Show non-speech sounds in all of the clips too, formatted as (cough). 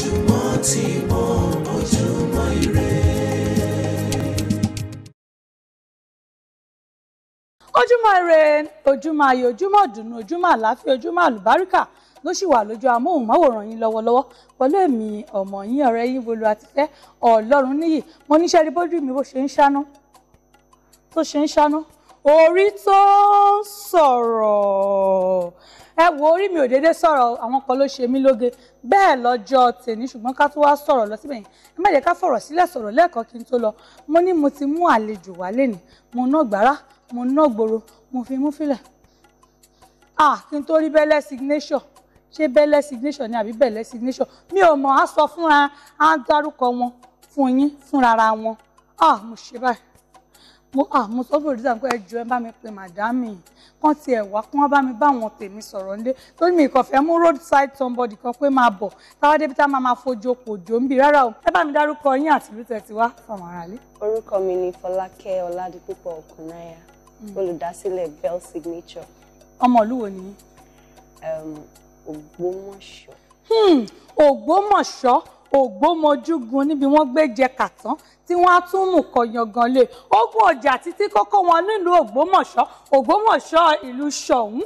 ojúmọ́ ti mọ́ ojúmọ́ ire. ojúmọ́ ire ojúmọ́ ayọ̀ ojúmọ́ dùnú ojúmọ́ àlàáfíà ojúmọ́ àlùbáríkà ló sì wà lójú amóhùnmáwòrán yín lọ́wọ́lọ́wọ́ pẹ̀lú èmi ọmọ yín ọ̀rẹ́ yín bolo àtifẹ́ ọlọ́run níyì mo níṣẹ́ rí bójú mi bó ṣe ń ṣáná tó ṣe ń ṣáná orí tó ń sọ̀rọ̀ ẹ wo orí mi ò déédéé sọ̀rọ̀ àwọn kan ló ṣe mí lóge bẹ́ẹ̀ lọ́jọ́ tèmi ṣùgbọ́n ká tó wá sọ̀rọ̀ lọ síbẹ̀ yẹn ẹ má jẹ́ ká fọ̀rọ̀ sílẹ̀ sọ̀rọ̀ lẹ́ẹ̀kan kí n tó lọ mo ní mo ti mú àlejò wá lẹ́ni mo ná gbàrà mo ná gbòòrò mo fi mú fílẹ̀ ah kí n tó rí bẹ́lẹ̀ signation ṣé bẹ́lẹ̀ signation ni àbí bẹ́lẹ̀ signation mi ò mọ̀ á sọ fúnra á dárúkọ wọn fún yín fúnra ara wọn ah mo ṣe báyìí mo ah, mo sọ fún òdìdá pé ẹ jọ̀ọ́ ẹ bá mi pe màdámì kán ti ẹ̀ wá kán bá mi bá àwọn tèmi sọ̀rọ̀ nílé torí mi kàn fẹ́ mú roadside somebody kan pé máa bọ̀ táwa débi tá máa máa fojú kò jò ń bì rárá o ẹ bá mi dárúkọ yín àti ìlú tẹ̀sí wá fọmọ ara lé. orúkọ mi ni Fọlákẹ́ Ọládipúpọ̀ Ọ̀kùnnáyà hmm. olùdásílẹ̀ Bell Signature. ọmọ ìlú wo ni? Ògbómọ̀ṣọ́. Hmm, ògbómọ̀ṣọ́ ògbómojúgun níbi wọ́n gbé jẹ kàtán tí wọ́n á tún mú kọ yangan lé ogun ọjà títí kókó wọn nílùú ògbómọ̀ṣọ́ ògbómọ̀ṣọ́ ìlú ṣọ̀ún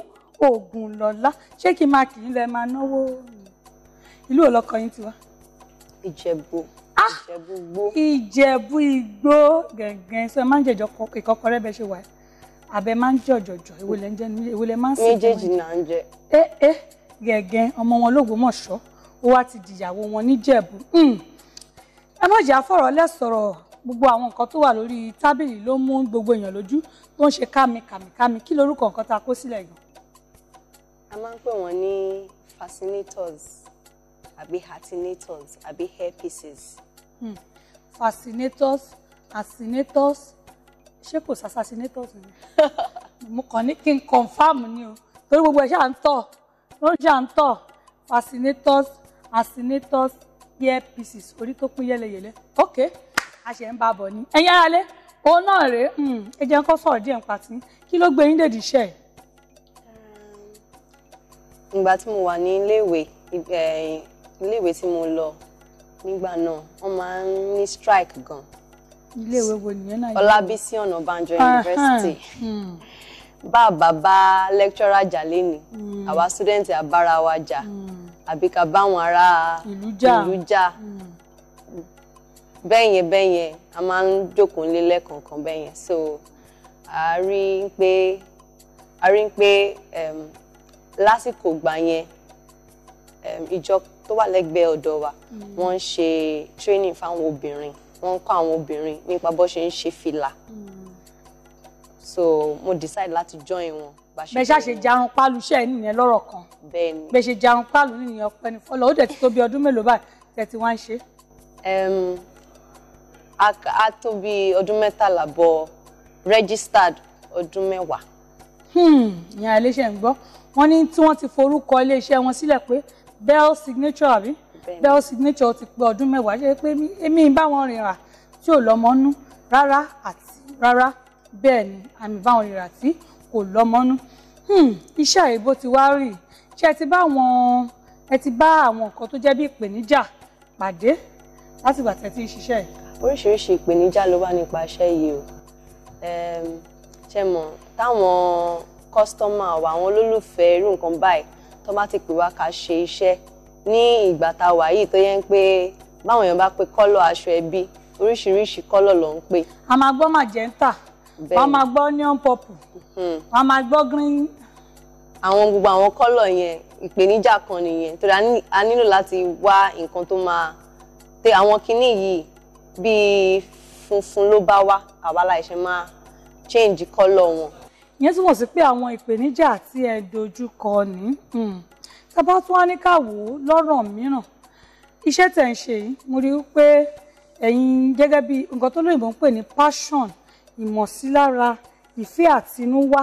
ògùnlọ́lá ṣé kí n máa kì í lẹ máa náwó ìlú òlọ́kọ yín ti wá. ìjẹ̀bú ah! ìjẹ̀bú igbó ìjẹ̀bú igbó gẹ̀ǹgẹ̀ǹ sọ máa ń jẹ̀jọ ìkọkọrẹ́ bẹ́ẹ̀ ṣe wà abẹ máa ń jọ̀jọ̀jọ̀ ìwòlẹ̀ ń sìn. méjèèjì náà ń jẹ. Eh, eh gẹ̀gẹ́ ọmọ wọn lógbómọ̀ṣọ́ ó wá ti dìyàwó wọn níjẹ̀bú hmm. ẹ má jà fọ̀rọ̀ lẹ́sọ̀rọ̀ gbogbo àwọn nǹkan tó wà lórí tábìlì ló mú gbogbo èèyàn lójú tó ń ṣe kámi kí lorúkọ nǹkan tá kó sílẹ̀ yìí. a máa ń pè wọ́n ní fascinators àbí hatinators àbí hairpieces. Hmm. fascinators hatinators ṣé kò sassinators ni (laughs) mo kàn ní kí n confam ni o torí gbogbo ẹ̀ ṣáà ń tọ̀ roger ń tọ̀ fascinators fascinators earpieces orí tó pín yẹlẹyẹlẹ ok a ṣe ń bá bọ̀ ni ẹ̀yin aráalé òun náà rèé hmm, ẹ jẹ́ kó sọ̀rọ̀ díẹ̀ nípa tí kí ló gbé yín dèdí iṣẹ́ ẹ̀. Ehm, ìgbà tí mo wà ní iléèwé iléèwé tí mo lọ nígbà náà wọ́n máa ń ní strike gan. iléèwé wo nìyẹn náà yìí. Ọlábísí University. Hmm bá bàbá lecturer jà lẹ́ni hmm. àwa student àbára wa jà hmm. àbí ká báwọn ará ìlú jà hmm. bẹ́yẹn bẹ́yẹn a máa ń jókòó nílé lẹ́ẹ̀kọ̀ọ̀kan bẹ́yẹn so a rí i pé a rí i pé lásìkò gbà yẹn ìjọ tó wà lẹ́gbẹ̀ẹ́ ọ̀dọ̀ wa wọ́n ń ṣe training fáwọn obìnrin wọ́n ń kọ́ àwọn obìnrin nípa bó ṣe ń ṣe fìlà so mo decide láti join wọn. bẹ́ẹ̀ ṣáà ṣe jahun pálù iṣẹ́ ẹ̀ nìyẹn lọ́rọ̀ kan bẹ́ẹ̀ ṣe jahun pálù nìyẹn ọpẹ́ ní fọlọ́ ó dẹ̀ ti tó bí ọdún mélòó báyìí tẹ̀ tí wọ́n ń ṣe. a tó bí ọdún mẹ́tàlá bọ registered ọdún mẹ́wàá. Hmm, ìyá iléeṣẹ́ ń gbọ́ wọ́n ní tí wọ́n ti forúkọ iléeṣẹ́ wọn sílẹ̀ pé bell signature àbí bell signature ti pé ọdún mẹ́wàá ṣe pé èmi ń bá wọn rìnrìn tí ò lọ́mọ nú rárá àti rárá bẹ́ẹ̀ ni àmì báwọn rírà tí kò lọ́mọ́nú hmm, iṣẹ́ àìbó ti wá rí ṣé ẹ ti bá àwọn ẹ ti bá àwọn nǹkan tó jẹ́ bí ìpèníjà pàdé látìgbà tẹ́ ti ń ṣiṣẹ́ yìí. oríṣiríṣi ìpèníjà ló wà nípa iṣẹ́ yìí o ehm, ṣe mọ̀ táwọn kọ́sítọ́mà wa àwọn olólùfẹ́ irú nǹkan báyìí tó bá ti pè wá ká ṣe iṣẹ́ ní ìgbà tá a wà yìí tó yẹ ń pé báwọn èèyàn bá pe kọ́lọ̀ aṣọ ẹbí oríṣiríṣi kọ́lọ̀ ló ń pè. a máa gbọ́ màjẹ́ńtà wọ́n máa gbọ́ onion purple hmm. wọ́n máa gbọ́ green. àwọn gbogbo àwọn kọ́lọ̀ yẹn ìpèníjà kan nìyẹn torí a nílò láti wá nǹkan tó máa tẹ àwọn kinní yìí bíi funfun ló bá wá àwa la máa change kọ́lọ̀ wọn. ìyẹn túmọ̀ sí pé àwọn ìpèníjà tí ẹ dojú kọ ní hmm. tá bá tún wá ní ká wò ó lọ́rọ̀ mìíràn iṣẹ́ tẹ̀ ń ṣe yìí mo rí i pé ẹ̀yin gẹ́gẹ́ bí nǹkan tó lóyìnbó ń pè ní passion ìmọ̀sílára ìfẹ́ àtinúwá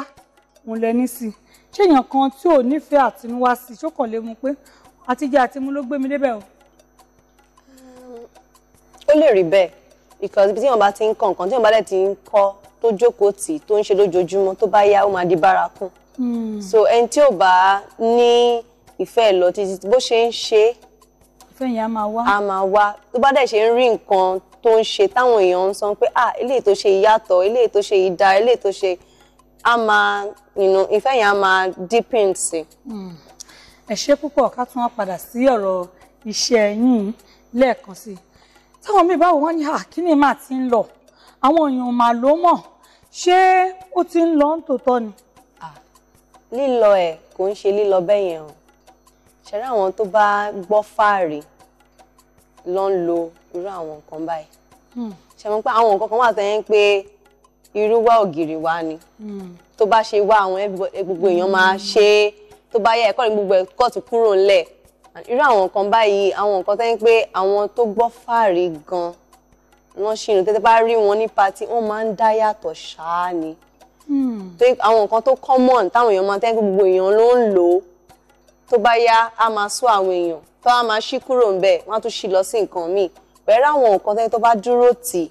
òun lẹ ní sí i ṣéèyàn kan tí ò nífẹ̀ẹ́ àtinúwá sí i ṣókàn lè mu pé àtijọ́ àti mu ló gbé mi débẹ̀ o. Hmm, ó lè rí bẹ́ẹ̀ because ibi tí wọn bá ti ń kọ nǹkan tí wọn bá dẹ̀ ti ń kọ́ tó jókòó tì tó ń ṣe lójoojúmọ́ tó bá yá ó máa di bárakún hmm. so ẹni tí ò bá ní ìfẹ́ lọ títí bó ṣe ń ṣe é ìfẹ́ yẹn á máa wá á máa wá tó bá dẹ̀ ṣe ń rí nǹkan tó ń ṣe táwọn èèyàn ń sọ pé ah eléyìí tó ṣe ìyàtọ̀ eléyìí tó ṣe ìdá eléyìí tó ṣe a máa ìfẹ́ yẹn a máa deepen sí. Hmm. ẹ ṣe púpọ̀ ká tún wá padà sí ọ̀rọ̀ iṣẹ́ yín lẹ́ẹ̀kan sí i táwọn míì báwo wọ́n ní àkíní máa ti ń lọ àwọn èèyàn máa ló mọ̀ ṣé ó ti ń lọ ń tòótọ́ ni. lílọ ẹ kò ń ṣe lílọ bẹ́yẹn o ṣẹ̀rẹ́ àwọn tó bá gbọ́ fáàrí ló ń lo irú àwọn nǹkan báyìí hmm. ṣe mọ̀ pé àwọn nǹkan kan wà sẹ́yìn pé irú wa ògiri wa ni hmm. tó bá ṣe wá àwọn gbogbo èèyàn máa hmm. ṣe é tó bá yẹ ẹ̀kọ́ ní gbogbo ẹ̀kọ́ ti kúrò ńlẹ̀ irú àwọn nǹkan báyìí àwọn nǹkan sẹ́yìn pé àwọn tó gbọ́ fàárí gan-an ṣì ń tẹ́tẹ́ bá rí wọn ní patí wọ́n máa ń dá yàtọ̀ ṣáá ni àwọn nǹkan tó common táwọn èèyàn máa tẹ́ gbogbo èèyàn ló ń lò ó tó bá yá á máa sọ àwọn èèyàn tó á máa ṣí kúrò ń bẹ̀ wọ́n á tún ṣí lọ sí nǹkan míì pẹ̀lú àwọn nǹkan tẹ́ni tó bá dúró tì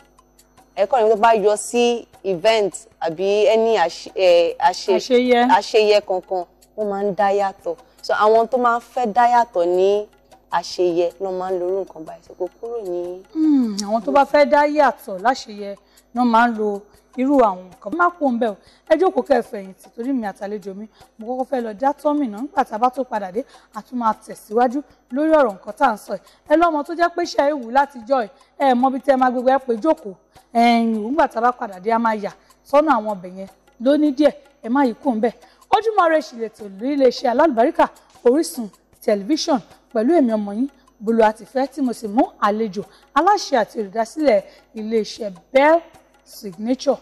ẹ̀kọ́ ni tó bá yọ sí event àbí ẹni àṣeyẹ kankan wọ́n máa ń dá yàtọ̀ so àwọn tó máa ń fẹ́ dá yàtọ̀ ní àṣeyẹ ló máa ń lorú nǹkan báyìí so kò kúrò ní. Hmm, àwọn tó bá fẹ́ dá yàtọ̀ láṣeyẹ náà máa ń lo irú àwọn nǹkan má kú òǹbẹ o ẹ jókòó kẹfẹ̀yìntì torí mi àtàlejò mi mo kọ́kọ́ fẹ́ lọ dá tọ́mì náà nígbà tá a bá tó padà dé a tún máa tẹ̀síwájú lórí ọ̀rọ̀ nǹkan tá à ń sọ yìí ẹ lọ́mọ tó jẹ́ pé ṣe é wù láti jọ ẹ ẹ mọ bí tẹ́ ẹ máa gbégbé ẹ pé jókòó ẹ̀yìn nígbà tá a bá padà dé a máa yà sọ́nà àwọn ọbẹ̀ yẹn lóní díẹ̀ ẹ má yí kú òǹbẹ Ojúmọ́ Ire ṣìlẹ̀tò iléeṣẹ́ alálùbáríkà Orísun mo sì mú àlejò aláṣẹ àti olùdásílẹ̀ iléeṣẹ́ Bell signature